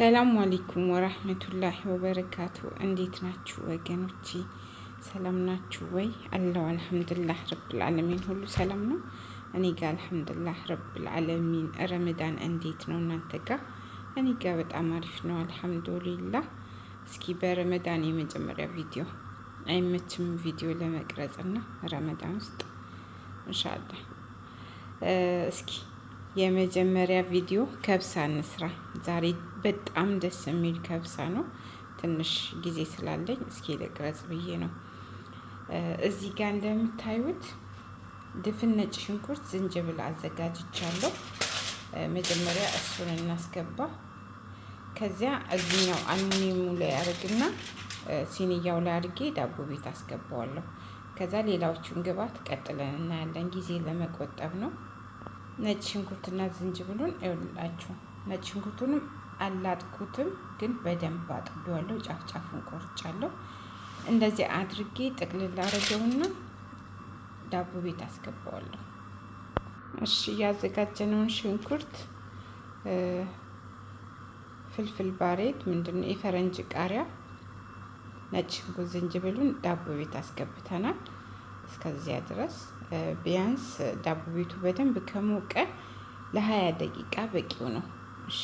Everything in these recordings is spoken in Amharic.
ሰላም አለይኩም ወራህመቱላሂ ወበረካቱ። እንዴት ናችሁ ወገኖቼ? ሰላም ናችሁ ወይ? አለው አልሐምዱላህ ረብል ዓለሚን ሁሉ ሰላም ነው። እኔ ጋር አልሐምዱላህ ረብል ዓለሚን። ረመዳን እንዴት ነው እናንተ ጋር? እኔ ጋር በጣም አሪፍ ነው አልሐምዱሊላህ። እስኪ በረመዳን የመጀመሪያ ቪዲዮ አይመችም ቪዲዮ ለመቅረጽ እና ረመዳን ውስጥ እንሻላ እስኪ የመጀመሪያ ቪዲዮ ከብሳ እንስራ ዛሬ በጣም ደስ የሚል ከብሳ ነው። ትንሽ ጊዜ ስላለኝ እስኪ ልቅረጽ ብዬ ነው። እዚህ ጋር እንደምታዩት ድፍን ነጭ ሽንኩርት፣ ዝንጅብል አዘጋጅቻለሁ። መጀመሪያ እሱን እናስገባ። ከዚያ እዚኛው አልሙኒየሙ ላይ አድርግና ሲኒያው ላይ አድርጌ ዳቦ ቤት አስገባዋለሁ። ከዛ ሌላዎቹን ግብአት ቀጥለን እናያለን። ጊዜ ለመቆጠብ ነው። ነጭ ሽንኩርትና ዝንጅብሉን ይኸውላችሁ ነጭ ሽንኩርቱንም አላጥኩትም፣ ግን በደንብ አጥቤዋለሁ። ጫፍ ጫፉን ቆርጫለሁ። እንደዚህ አድርጌ ጥቅልል አድርገውና ዳቦ ቤት አስገባዋለሁ። እሺ ያዘጋጀነውን ሽንኩርት፣ ፍልፍል ባሬድ ምንድነው የፈረንጅ ቃሪያ፣ ነጭ ሽንኩርት፣ ዝንጅብሉን ዳቦ ቤት አስገብተናል። እስከዚያ ድረስ ቢያንስ ዳቦ ቤቱ በደንብ ከሞቀ ለሀያ ደቂቃ በቂው ነው። እሺ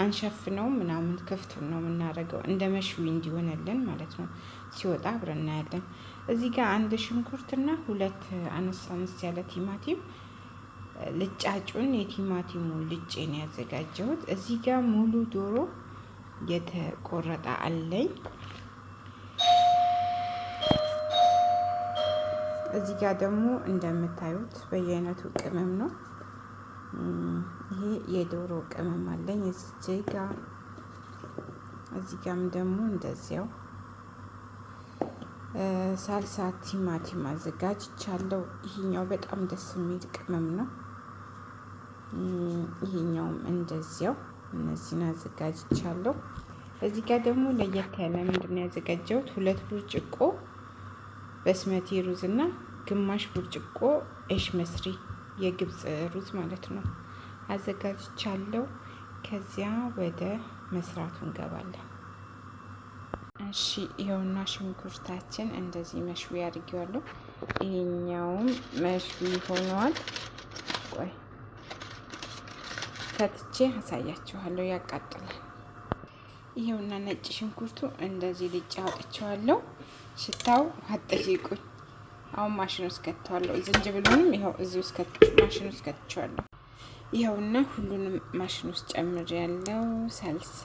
አንሸፍነው ምናምን ክፍቱን ነው የምናደርገው እንደ መሽዊ እንዲሆነልን ማለት ነው። ሲወጣ አብረን እናያለን። እዚህ ጋር አንድ ሽንኩርትና ሁለት አነስ አነስ ያለ ቲማቲም ልጫጩን የቲማቲሙ ልጬን ያዘጋጀሁት። እዚህ ጋር ሙሉ ዶሮ የተቆረጠ አለኝ። እዚህ ጋር ደግሞ እንደምታዩት በየአይነቱ ቅመም ነው። የዶሮ ቅመም አለኝ እዚህ ጋ እዚህ ጋም ደግሞ እንደዚያው ሳልሳ ቲማቲም አዘጋጅቻለሁ። ይሄኛው በጣም ደስ የሚል ቅመም ነው። ይሄኛውም እንደዚያው እነዚህን አዘጋጅቻለሁ። እዚህ ጋር ደግሞ ለየት ያለ ምንድን ነው ያዘጋጀሁት? ሁለት ብርጭቆ በስመቴ ሩዝ እና ግማሽ ብርጭቆ ኤሽ መስሪ የግብፅ ሩዝ ማለት ነው። አዘጋጅቻለሁ። ከዚያ ወደ መስራቱ እንገባለን። እሺ ይኸውና ሽንኩርታችን እንደዚህ መሽዊ አድርጌዋለሁ። ይሄኛውም መሽዊ ሆኗል። ቆይ ከትቼ አሳያችኋለሁ። ያቃጥላል። ይሄውና ነጭ ሽንኩርቱ እንደዚህ ልጭ አውጥቼዋለሁ። ሽታው አጠይቁኝ። አሁን ማሽን ውስጥ ከተዋለሁ። ዝንጅብሉንም ይኸው እዚህ ውስጥ ማሽን ውስጥ ከትቼዋለሁ። ይኸውና ሁሉንም ማሽን ውስጥ ጨምር ያለው ሰልሳ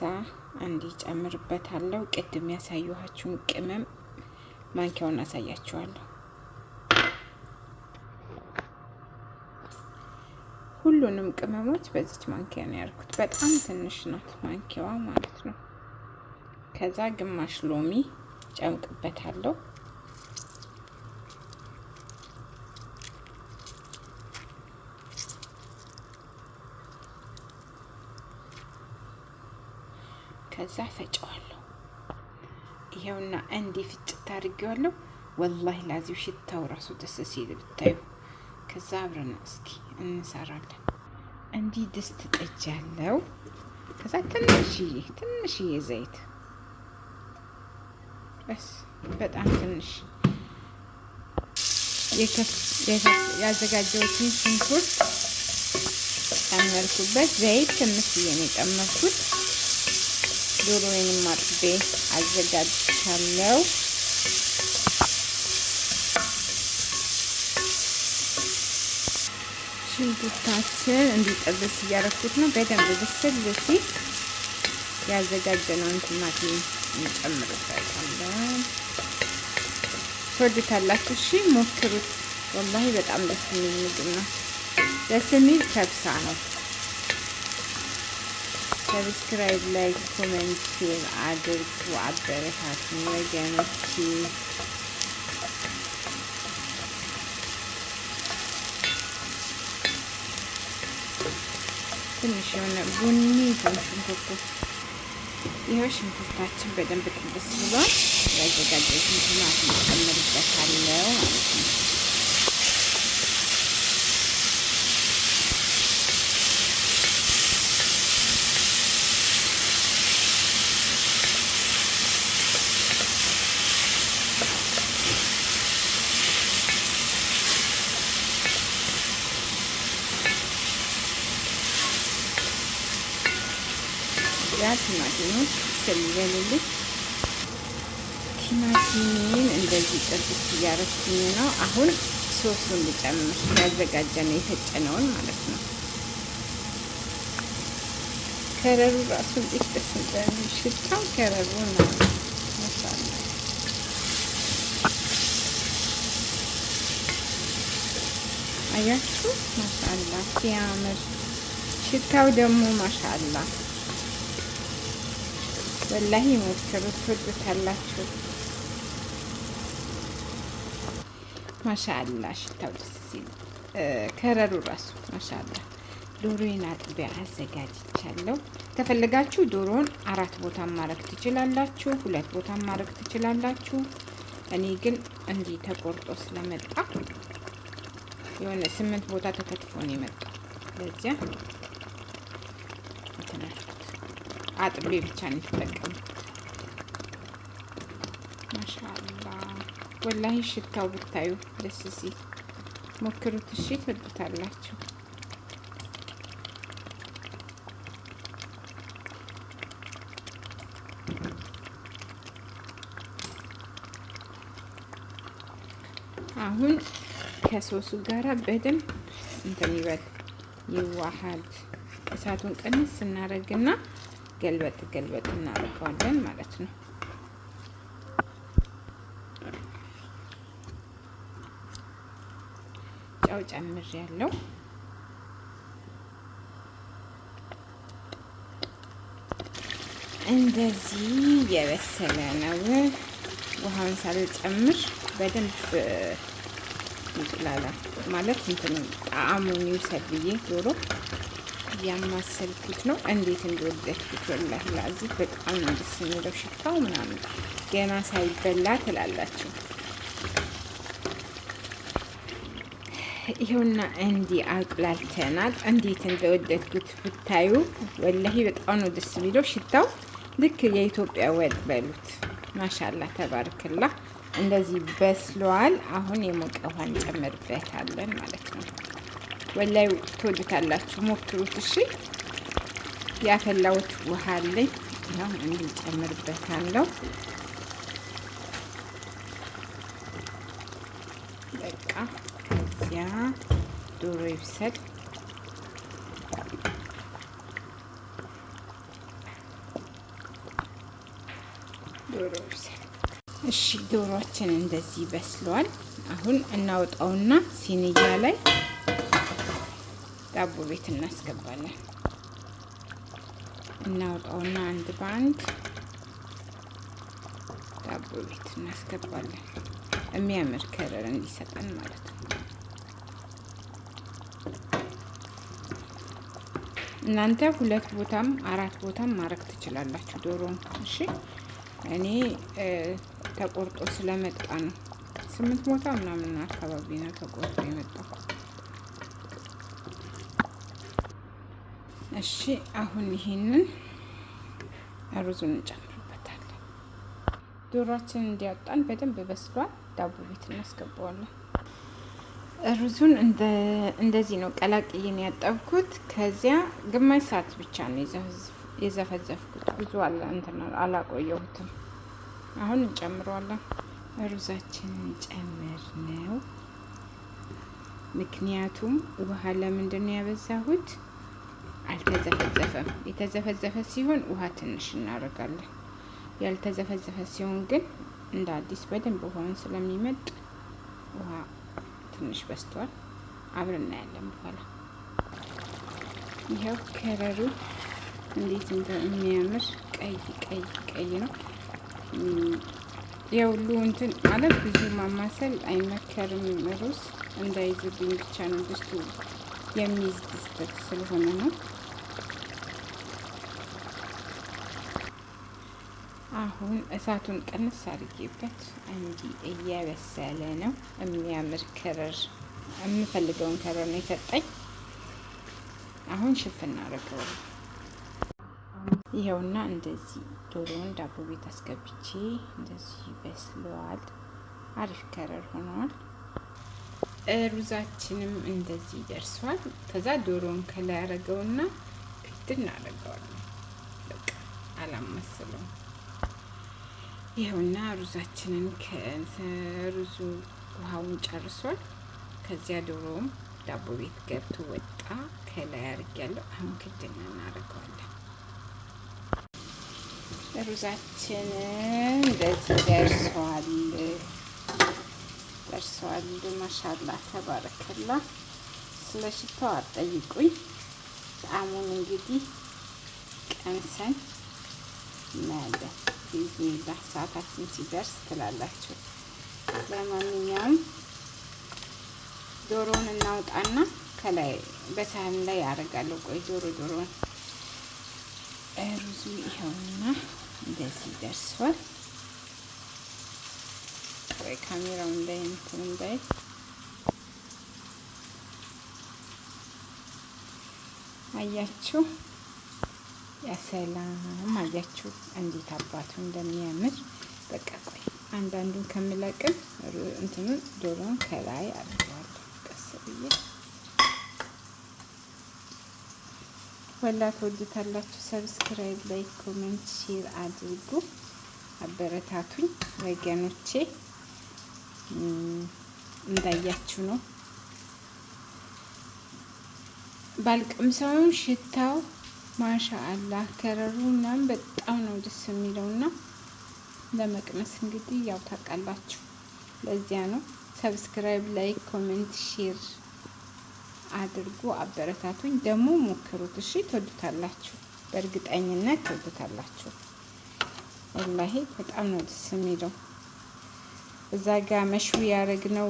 አንድ ጨምርበታለሁ። ቅድም ያሳየኋችሁን ቅመም ማንኪያውን አሳያችኋለሁ። ሁሉንም ቅመሞች በዚች ማንኪያ ነው ያልኩት። በጣም ትንሽ ናት ማንኪያዋ ማለት ነው። ከዛ ግማሽ ሎሚ ጨምቅበታለሁ። ከዛ ፈጨዋለሁ። ይሄውና እንዴ ፍጭት አድርጌዋለሁ። ወላሂ ላዚው ሽታው ራሱ ደስ ሲል ብታዩ። ከዛ አብረን እስኪ እንሰራለን። እንዲህ ድስት ጥጅ ያለው ከዛ ትንሽዬ ትንሽዬ ዘይት በስ በጣም ትንሽ ያዘጋጀሁትን ሽንኩርት ጨመርኩበት። ዘይት ትንሽዬ ነው የጨመርኩት። ዶሮዬንም አጥቤ አዘጋጅቻለሁ። ሽንኩርታችን እንዲጠብስ እያረኩት ነው። በደንብ ብስል ሲል ያዘጋጀነውን ቲማቲም እንጨምርበታለን። ትወዱታላችሁ። እሺ ሞክሩት። ወላሂ በጣም ደስ የሚል ምግብ ነው። ደስ የሚል ከብሳ ነው። ሰብስክራይብ፣ ላይክ፣ ኮመንት አድርጉ። አበረታት ወገኖች። ትንሽ የሆነ ቡኒ ሆን ሽንኩርቱ ይኸው ሽንኩርታችን በደንብ ጥብስ ብሏል። ያዘጋጀሁትን ቲማቲም እጨምርበታለሁ ማለት ነው። ቲማቲሙን ስለሚበልልኝ እንደዚህ ጥብስ እያረኩኝ ነው። አሁን ሶሱን ልጨምር፣ ያዘጋጀነው የፈጨነውን ማለት ነው። ከረሩ ራሱ እንዴት ደስ ከረሩ ነው። አያችሁ፣ ማሻአላ ሲያምር ሽታው ደግሞ ማሻአላ ወላሂ ሞክሩት፣ ትወዱታላችሁ። ማሻአላ ሽታው ደስ ሲል ከረሩ ራሱ ማሻአላ። ዶሮዬን አጥቢያ አዘጋጅቻለሁ። ከፈለጋችሁ ዶሮን አራት ቦታ ማድረግ ትችላላችሁ፣ ሁለት ቦታ ማድረግ ትችላላችሁ። እኔ ግን እንዲህ ተቆርጦ ስለመጣ የሆነ ስምንት ቦታ ተከትፎ ነው የመጣው። ለዚያ አጥቤ ብቻ ነው የተጠቀምኩት። ማሻላ ወላሂ ሽታው ብታዩ ደስ ሲል ሞክሩት። እሺ ትወዱታላችሁ። አሁን ከሶሱ ጋራ በደንብ እንትን ይበል ይዋሃድ። እሳቱን ቀንስ ስናደርግና ገልበጥ ገልበጥ እናደርገዋለን ማለት ነው። ጨው ጨምር ያለው እንደዚህ የበሰለ ነው። ውሃን ሳልጨምር በደንብ ይቅላላል ማለት እንትኑ ጣዕሙን ይውሰድ ብዬ ዶሮ ያማሰልኩት ነው። እንዴት እንደወደድኩት ወላህ ላዚህ በጣም ደስ የሚለው ሽታው ምናምን ገና ሳይበላ ትላላችሁ። ይኸውና እንዲህ አቁላልተናል። እንዴት እንደወደድኩት ብታዩ ወላሂ በጣም ነው ደስ የሚለው ሽታው። ልክ የኢትዮጵያ ወጥ በሉት። ማሻላ ተባርክላ። እንደዚህ በስለዋል። አሁን የሞቀ ውሃ እንጨምርበታለን ማለት ነው። ወላይ ትወዱታላችሁ፣ ሞክሩት። እሺ ያፈላሁት ውሃ አለኝ፣ ያው እንጨምርበታለሁ። በቃ ከዚያ ዶሮ ይብሰል። እሺ ዶሮችን እንደዚህ በስለዋል። አሁን እናወጣውና ሲንያ ላይ ዳቦ ቤት እናስገባለን። እናውጣውና አንድ በአንድ ዳቦ ቤት እናስገባለን። የሚያምር ከለር እንዲሰጠን ማለት ነው። እናንተ ሁለት ቦታም አራት ቦታም ማድረግ ትችላላችሁ ዶሮን። እሺ እኔ ተቆርጦ ስለመጣ ነው። ስምንት ቦታ ምናምን አካባቢ ነው ተቆርጦ የመጣው። እሺ አሁን ይሄንን ሩዙን እንጨምርበታለን። ዶሯችንን እንዲያጣን በደንብ በስሏል። ዳቦ ቤት እናስገባዋለን። ሩዙን እንደዚህ ነው ቀላቅዬን ያጠብኩት። ከዚያ ግማሽ ሰዓት ብቻ ነው የዘፈዘፍኩት። ብዙ አለ እንትን አላቆየሁትም። አሁን እንጨምረዋለን። ሩዛችንን ጨምር ነው። ምክንያቱም ውሃ ለምንድን ነው ያበዛሁት? አልተዘፈዘፈም። የተዘፈዘፈ ሲሆን ውሃ ትንሽ እናደርጋለን። ያልተዘፈዘፈ ሲሆን ግን እንደ አዲስ በደንብ ውሃውን ስለሚመጥ ውሃ ትንሽ በስቷል። አብረን እናያለን በኋላ። ይኸው ከረሩ እንዴት እንደሚያምር ቀይ ቀይ ቀይ ነው። የሁሉ እንትን ማለት ብዙ ማማሰል አይመከርም። ሩዝ እንዳይዝብኝ ብቻ ነው። ድስቱ የሚይዝ ድስት ስለሆነ ነው። አሁን እሳቱን ቀንስ አድርጌበት እንዲ እየበሰለ ነው። የሚያምር ከረር የምፈልገውን ከረር ነው የሰጠኝ። አሁን ሽፍን አደርገዋለሁ። ይኸውና እንደዚህ ዶሮውን ዳቦ ቤት አስገብቼ እንደዚህ በስለዋል። አሪፍ ከረር ሆነዋል። ሩዛችንም እንደዚህ ደርሷል። ከዛ ዶሮውን ከላይ አረገውና ክትል እናደርገዋለን። በቃ ይኸውና ሩዛችንን ሩዙ ውሃውን ጨርሷል። ከዚያ ዶሮውም ዳቦ ቤት ገብቶ ወጣ። ከላይ አድርጊያለሁ። አሁን ክድን እናደርገዋለን። ሩዛችን እንደዚህ ደርሷል ደርሷል። ማሻላ ተባረከላ። ስለ ሽታው አጠይቁኝ። ጣዕሙን እንግዲህ ቀምሰን እናያለን። ቢዝኒላህ ሰዓታችን ሲደርስ ትላላችሁ። ለማንኛውም ዶሮውን እናውጣና ከላይ በሳህን ላይ ያደርጋለሁ። ቆይ ዶሮ ዶሮውን ሩዙ ይኸውና እንደዚህ ደርሷል። ወይ ካሜራው እንዳይ እንትን እንዳይ አያችሁ። ያሰላም አያችሁ እንዴት አባቱ እንደሚያምር። በቃ ቆይ አንዳንዱን ከምለቅም እንትኑ ዶሮን ከላይ አድርገዋለሁ ቀስ ብዬ። ወላ ተወዱታላችሁ። ሰብስክራይብ፣ ላይክ፣ ኮሜንት፣ ሼር አድርጉ። አበረታቱኝ ወገኖቼ። እንዳያችሁ ነው ባልቅም ሰውን ሽታው ማሻ አላህ ከረሩ ምናምን በጣም ነው ደስ የሚለው እና ለመቅመስ እንግዲህ ያው ታውቃላችሁ፣ ለዚያ ነው። ሰብስክራይብ፣ ላይክ፣ ኮሜንት፣ ሼር አድርጉ። አበረታቱኝ። ደግሞ ሞክሩት። እሺ፣ ትወዱታላችሁ፣ በእርግጠኝነት ትወዱታላችሁ። ወላሂ በጣም ነው ደስ የሚለው። እዛ ጋ መሽዊ ያደረግነው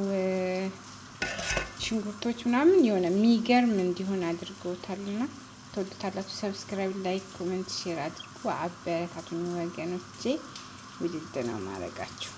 ሽንኩርቶች ምናምን የሆነ የሚገርም እንዲሆን አድርገውታልና ትወዱታላችሁ። ሰብስክራይብ፣ ላይክ፣ ኮሜንት፣ ሼር አድርጉ። አበረታቱኝ ወገኖቼ። ውድድ ነው ማረቃችሁ።